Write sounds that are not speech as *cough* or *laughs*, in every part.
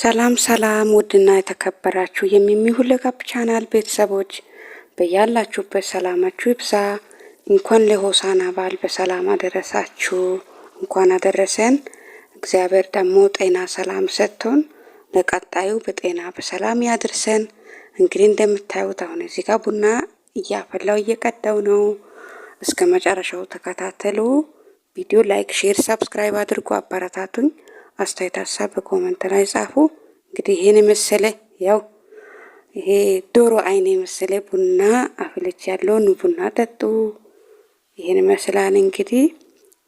ሰላም ሰላም ውድና የተከበራችሁ የሚሚሁለ ጋብ ቻናል ቤተሰቦች በያላችሁበት ሰላማችሁ ይብዛ። እንኳን ለሆሳዕና በዓል በሰላም አደረሳችሁ፣ እንኳን አደረሰን። እግዚአብሔር ደግሞ ጤና ሰላም ሰጥቶን ለቀጣዩ በጤና በሰላም ያድርሰን። እንግዲህ እንደምታዩት አሁን እዚህ ጋር ቡና እያፈላው እየቀዳው ነው። እስከ መጨረሻው ተከታተሉ። ቪዲዮ ላይክ፣ ሼር፣ ሰብስክራይብ አድርጎ አበረታቱኝ። አስተያየት ሀሳብ በኮመንት ላይ ጻፉ። እንግዲህ ይሄን የመሰለ ያው ይሄ ዶሮ አይን የመሰለ ቡና አፍልች ያለው ኑ ቡና ጠጡ። ይሄን ይመስላል እንግዲህ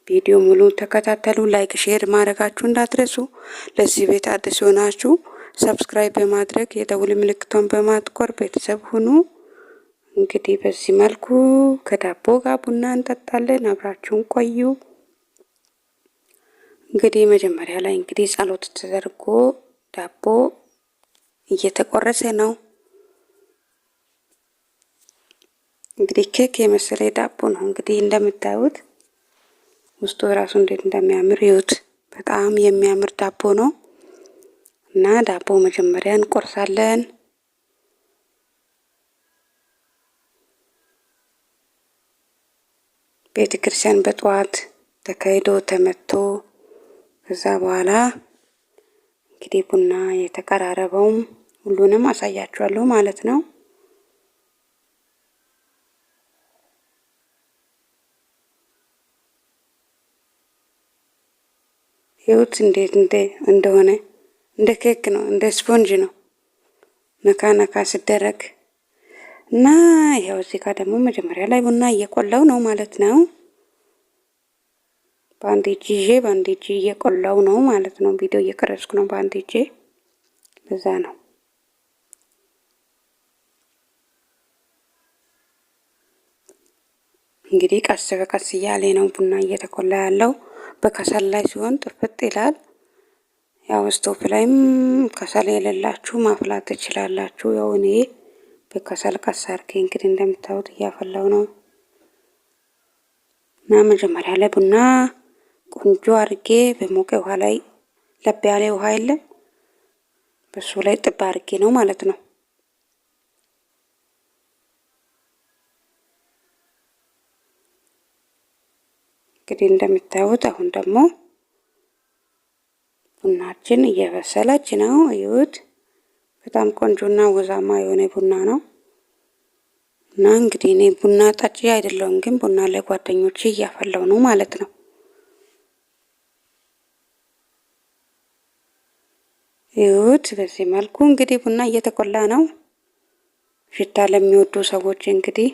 ቪዲዮ ሙሉ ተከታተሉ። ላይክ ሼር ማድረጋችሁ እንዳትረሱ። ለዚህ ቤት አዲስ ሆናችሁ ሰብስክራይብ በማድረግ የደውል ምልክቷን በማጥቆር ቤተሰብ ሁኑ። እንግዲህ በዚህ መልኩ ከዳቦ ጋር ቡና እንጠጣለን። አብራችሁን ቆዩ። እንግዲህ መጀመሪያ ላይ እንግዲህ ጸሎት ተደርጎ ዳቦ እየተቆረሰ ነው። እንግዲህ ኬክ የመሰለ ዳቦ ነው። እንግዲህ እንደምታዩት ውስጡ ራሱ እንዴት እንደሚያምር ይዩት። በጣም የሚያምር ዳቦ ነው እና ዳቦ መጀመሪያ እንቆርሳለን። ቤተ ክርስቲያን በጠዋት ተካሂዶ ተመቶ ከዛ በኋላ እንግዲህ ቡና የተቀራረበውም ሁሉንም አሳያችኋለሁ ማለት ነው። ይሁት እንዴት እንደ እንደሆነ እንደ ኬክ ነው፣ እንደ ስፖንጅ ነው። ነካ ነካ ሲደረግ እና ይኸው እዚህ ጋር ደግሞ መጀመሪያ ላይ ቡና እየቆላው ነው ማለት ነው። ባንዴጅ ይዤ ባንዴጅ እየቆላው ነው ማለት ነው። ቪዲዮ እየቀረጽኩ ነው ባንዴጅ እጄ ነው። እንግዲህ ቀስ በቀስ እያለ ነው ቡና እየተቆላ ያለው። በከሰል ላይ ሲሆን ጥፍጥ ይላል። ያው ስቶፍ ላይም ከሰል የሌላችሁ ማፍላት ትችላላችሁ። ያው እኔ በከሰል ቀስ አድርጌ እንግዲህ እንደምታዩት እያፈላው ነው እና መጀመሪያ ላይ ቡና ቆንጆ አርጌ በሞቀ ውሃ ላይ ለብ ያለ ውሃ የለም፣ በሱ ላይ ጥብ አርጌ ነው ማለት ነው። እንግዲህ እንደምታዩት አሁን ደግሞ ቡናችን እየበሰለች ነው። እዩት፣ በጣም ቆንጆና ወዛማ የሆነ ቡና ነው። እና እንግዲህ እኔ ቡና ጠጪ አይደለሁም፣ ግን ቡና ለጓደኞቼ እያፈላው ነው ማለት ነው። ይሁት በዚህ መልኩ እንግዲህ ቡና እየተቆላ ነው። ሽታ ለሚወዱ ሰዎች እንግዲህ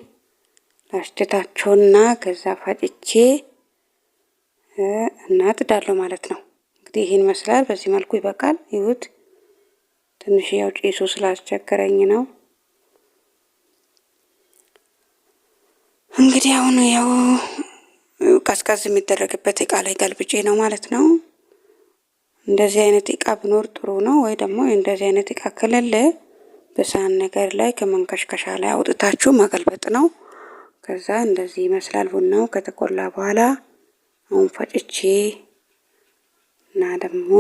ላስጭታቸውና ከዛ ፈጭቼ እናጥዳለሁ ማለት ነው። እንግዲህ ይህን ይመስላል። በዚህ መልኩ ይበቃል። ይሁት ትንሽ ያው ጭሱ ስላስቸገረኝ ነው። እንግዲህ አሁን ያው ቀዝቀዝ የሚደረግበት እቃ ላይ ገልብጬ ነው ማለት ነው። እንደዚህ አይነት እቃ ብኖር ጥሩ ነው። ወይ ደግሞ እንደዚህ አይነት እቃ ከሌለ በሳህን ነገር ላይ ከመንከሽከሻ ላይ አውጥታችሁ ማገልበጥ ነው። ከዛ እንደዚህ ይመስላል ቡናው ከተቆላ በኋላ አሁን ፈጭቼ እና ደግሞ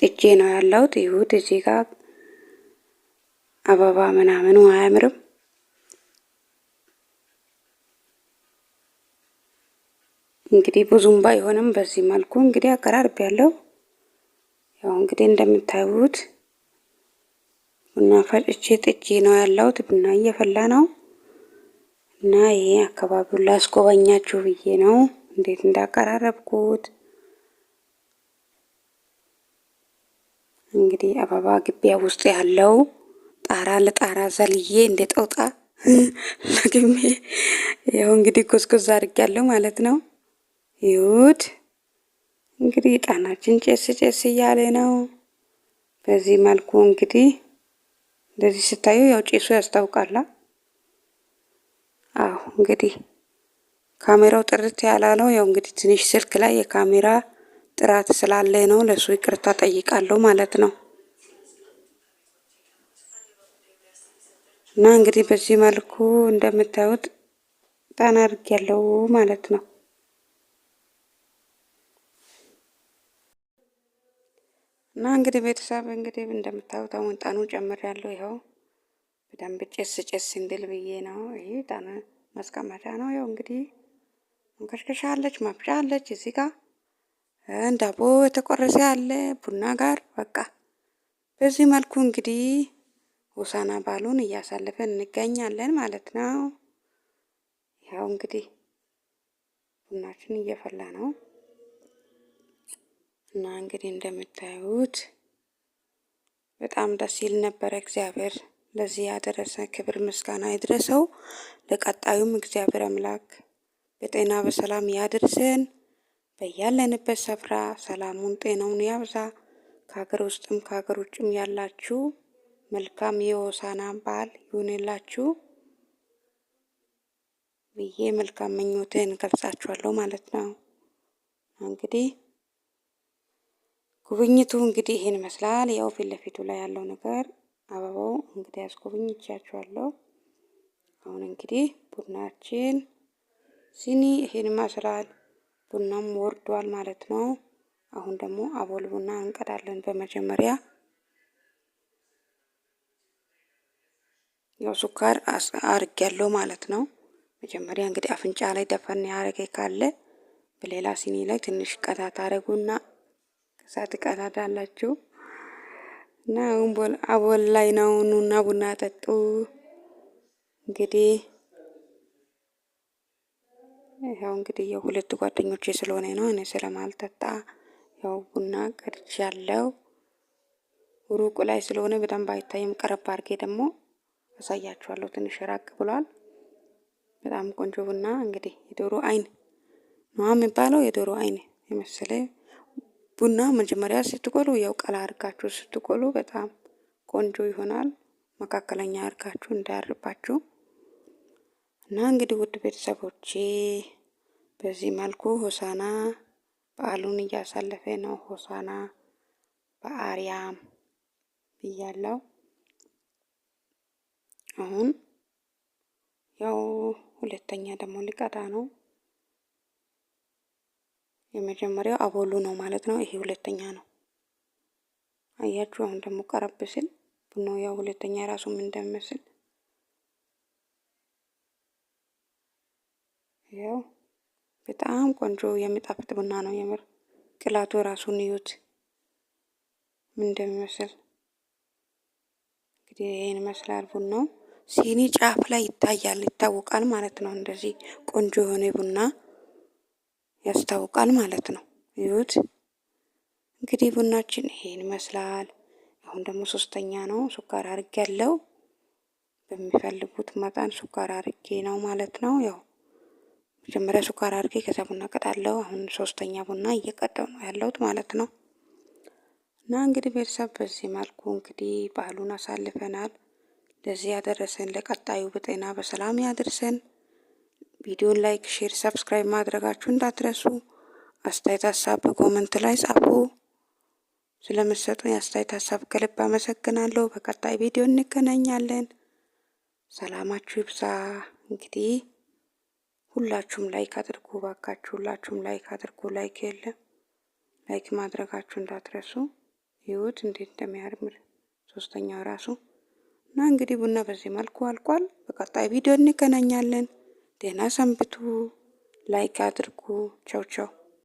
ጥጄ ነው ያለሁት። ይሁት እዚህ ጋር አበባ ምናምን አያምርም። እንግዲህ ብዙም ባይሆንም በዚህ መልኩ እንግዲህ አቀራርብ ያለው ያው እንግዲህ እንደምታዩት ቡና ፈጭቼ ጥጄ ነው ያለሁት። ቡና እየፈላ ነው እና ይሄ አካባቢውን ላስጎበኛችሁ ብዬ ነው እንዴት እንዳቀራረብኩት። እንግዲህ አበባ ግቢያ ውስጥ ያለው ጣራ ለጣራ ዘልዬ እንደ ጦጣ ለግሜ *laughs* ያው እንግዲህ ጎዝጎዝ አድርጌያለሁ ማለት ነው። ይሁድ እንግዲህ ጣናችን ጨስ ጨስ እያለ ነው። በዚህ መልኩ እንግዲህ እንደዚህ ስታዩ ያው ጭሱ ያስታውቃል አዎ እንግዲህ ካሜራው ጥርት ያላለው ያው እንግዲህ ትንሽ ስልክ ላይ የካሜራ ጥራት ስላለ ነው። ለሱ ይቅርታ ጠይቃለሁ ማለት ነው። እና እንግዲህ በዚህ መልኩ እንደምታዩት ጣና አድርግ ያለው ማለት ነው። እና እንግዲህ ቤተሰብ እንግዲህ እንደምታዩት አሁን ጣኑ ጨምር ያለው ይኸው በደንብ ጭስ ጭስ እንድል ብዬ ነው። ይሄ ጣኑ ማስቀመጫ ነው። ይኸው እንግዲህ መንከሽከሻ አለች፣ ማብጫ አለች። እዚህ ጋር እንዳቦ የተቆረሰ አለ ቡና ጋር በቃ በዚህ መልኩ እንግዲህ ሆሳና በዓሉን እያሳለፈን እንገኛለን ማለት ነው። ያው እንግዲህ ቡናችን እየፈላ ነው። እና እንግዲህ እንደምታዩት በጣም ደስ ይል ነበረ። እግዚአብሔር ለዚህ ያደረሰ ክብር ምስጋና ይድረሰው። ለቀጣዩም እግዚአብሔር አምላክ በጤና በሰላም ያድርሰን። በያለንበት ስፍራ ሰላሙን ጤናውን ያብዛ። ከሀገር ውስጥም ከሀገር ውጭም ያላችሁ መልካም የሆሳና በዓል ይሁንላችሁ ብዬ መልካም ምኞትን ገልጻችኋለሁ ማለት ነው እንግዲህ ጉብኝቱ እንግዲህ ይሄን ይመስላል። ያው ፊት ለፊቱ ላይ ያለው ነገር አበባው እንግዲህ አስጎብኝቻችኋለሁ። አሁን እንግዲህ ቡናችን ሲኒ ይሄን ይመስላል። ቡናም ወርዷል ማለት ነው። አሁን ደግሞ አቦል ቡና እንቀዳለን። በመጀመሪያ ያው ሱካር አርግ ያለው ማለት ነው። መጀመሪያ እንግዲህ አፍንጫ ላይ ደፈን ያረገ ካለ በሌላ ሲኒ ላይ ትንሽ ቀታ ታረጉና ከዛ ትቀዳላችሁ እና አሁን አቦል ላይ ነው። ኑና ቡና ጠጡ። እንግዲህ ያው እንግዲህ የሁለት ጓደኞች ስለሆነ ነው እኔ ስለማልጠጣ ያው ቡና ቀድቼ ያለው ሩቁ ላይ ስለሆነ በጣም ባይታይም ቀረብ አድርጌ ደግሞ አሳያችኋለሁ። ትንሽ ራቅ ብሏል። በጣም ቆንጆ ቡና እንግዲህ የዶሮ አይን ነው የሚባለው። የዶሮ አይን የመሰለ ቡና መጀመሪያ ስትቆሉ ያው ቀላ አርጋችሁ ስትቆሉ በጣም ቆንጆ ይሆናል። መካከለኛ አርጋችሁ እንዳያርባችሁ እና እንግዲህ ውድ ቤተሰቦቼ በዚህ መልኩ ሆሳና በዓሉን እያሳለፈ ነው። ሆሳና በአርያም ብያለው። አሁን ያው ሁለተኛ ደግሞ ሊቀዳ ነው። የመጀመሪያው አቦሉ ነው ማለት ነው። ይሄ ሁለተኛ ነው። አያችሁ። አሁን ደግሞ ቀረብ ስል ቡናው ያው ሁለተኛ የራሱ ምን እንደሚመስል ያው በጣም ቆንጆ የሚጣፍጥ ቡና ነው። የምር ቅላቱ የራሱን እዩት ምን እንደሚመስል እንግዲህ ይሄን ይመስላል ቡናው ሲኒ ጫፍ ላይ ይታያል ይታወቃል ማለት ነው። እንደዚህ ቆንጆ የሆነ ቡና ያስታውቃል ማለት ነው። እዩት እንግዲህ ቡናችን ይሄን ይመስላል። አሁን ደግሞ ሶስተኛ ነው ሱካር አርጌ ያለው በሚፈልጉት መጠን ሱካር አርጌ ነው ማለት ነው። ያው መጀመሪያ ሱካር አርጌ ከዛ ቡና ቀጣለው። አሁን ሶስተኛ ቡና እየቀጠው ነው ያለውት ማለት ነው። እና እንግዲህ ቤተሰብ በዚህ መልኩ እንግዲህ በዓሉን አሳልፈናል። ለዚህ ያደረሰን ለቀጣዩ በጤና በሰላም ያድርሰን። ቪዲዮን ላይክ፣ ሼር፣ ሰብስክራይብ ማድረጋችሁ እንዳትረሱ። አስተያየት ሀሳብ በኮመንት ላይ ጻፉ። ስለምትሰጡኝ አስተያየት ሀሳብ ከልብ አመሰግናለሁ። በቀጣይ ቪዲዮ እንገናኛለን። ሰላማችሁ ይብዛ። እንግዲህ ሁላችሁም ላይክ አድርጉ ባካችሁ፣ ሁላችሁም ላይክ አድርጉ። ላይክ የለም ላይክ ማድረጋችሁ እንዳትረሱ። ይሁት እንዴት እንደሚያርምር ሶስተኛው ራሱ እና እንግዲህ ቡና በዚህ መልኩ አልቋል። በቀጣይ ቪዲዮ እንገናኛለን። ደህና ሰንብቱ። ላይክ አድርጉ። ቻው ቻው